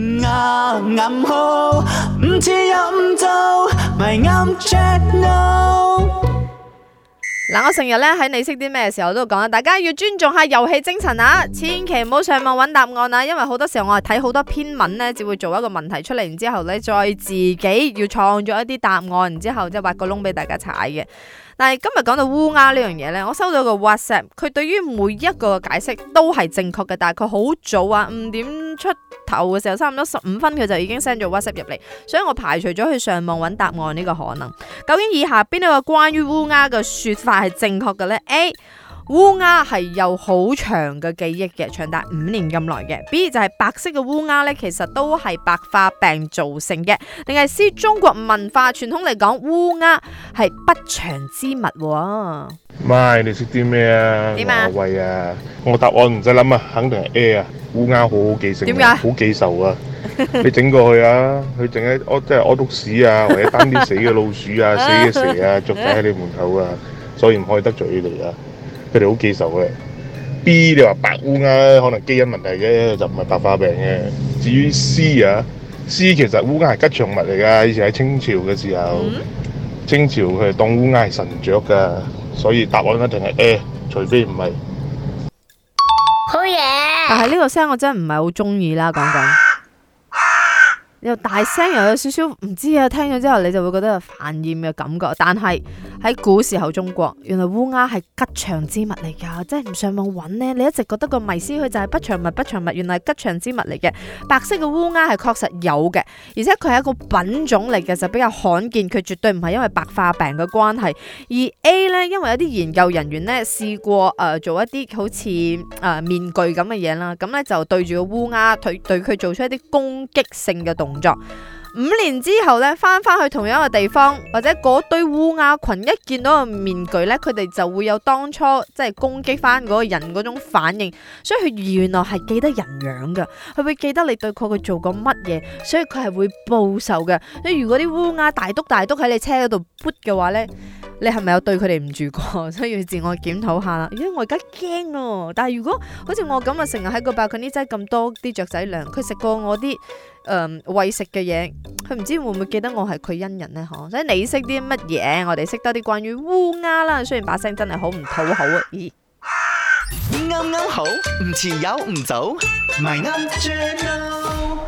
那、啊、我成日咧喺你識啲咩嘅時候都講啦，大家要尊重下遊戲精神啊，千祈唔好上網揾答案啊，因為好多時候我係睇好多篇文呢，只會做一個問題出嚟，然之後咧再自己要創作一啲答案，然之後即係挖個窿俾大家踩嘅。但係今日講到烏鴉呢樣嘢呢，我收到個 WhatsApp，佢對於每一個解釋都係正確嘅，但係佢好早啊五點。出頭嘅時候差唔多十五分，佢就已經 send 咗 WhatsApp 入嚟，所以我排除咗去上網揾答案呢個可能。究竟以下邊呢個關於烏鴉嘅說法係正確嘅呢？A 烏鴉係有好長嘅記憶嘅，長達五年咁耐嘅。B 就係白色嘅烏鴉咧，其實都係白化病造成嘅。定係 C，中國文化傳統嚟講，烏鴉係不祥之物。媽，你識啲咩啊？點啊？喂啊！我答案唔使諗啊，肯定係 A 啊。烏鴉好好記性，點解？好記仇啊！你整過去啊，佢淨係屙即係屙篤屎啊，或者單啲死嘅老鼠啊、死嘅蛇啊，捉晒喺你門口啊，所以唔可以得罪佢哋啊！佢哋好記仇嘅。B，你話白烏鴉可能基因問題嘅，就唔係白化病嘅。至於 C 啊，C 其實烏鴉係吉祥物嚟㗎。以前喺清朝嘅時候，清朝佢當烏鴉係神雀㗎，所以答案一定係 A，除非唔係。好嘢！但係呢個聲我真係唔係好中意啦，講緊。又大聲又有少少唔知啊！聽咗之後你就會覺得煩厭嘅感覺。但係喺古時候中國，原來烏鴉係吉祥之物嚟噶，即係唔上網揾呢，你一直覺得個迷思佢就係不祥物，不祥物，原嚟係吉祥之物嚟嘅。白色嘅烏鴉係確實有嘅，而且佢係一個品種嚟嘅就比較罕見，佢絕對唔係因為白化病嘅關係。而 A 呢，因為一啲研究人員呢試過誒、呃、做一啲好似誒、呃、面具咁嘅嘢啦，咁呢，就對住個烏鴉，對對佢做出一啲攻擊性嘅動動作五年之後咧，翻翻去同樣嘅地方，或者嗰堆烏鴉群一見到個面具咧，佢哋就會有當初即係攻擊翻嗰個人嗰種反應。所以佢原來係記得人樣㗎，佢會記得你對佢佢做過乜嘢，所以佢係會報仇嘅。你如果啲烏鴉大篤大篤喺你車嗰度撲嘅話咧。你係咪有對佢哋唔住過，所以要自我檢討下啦。咦，我而家驚哦！但係如果好似我咁啊，成日喺個白罐啲擠咁多啲雀仔糧，佢食過我啲誒餵食嘅嘢，佢唔知會唔會記得我係佢恩人咧？嗬！所以你識啲乜嘢？我哋識多啲關於烏鴉啦。雖然把聲真係好唔討好啊！咦，啱啱好，唔遲又唔早，My original。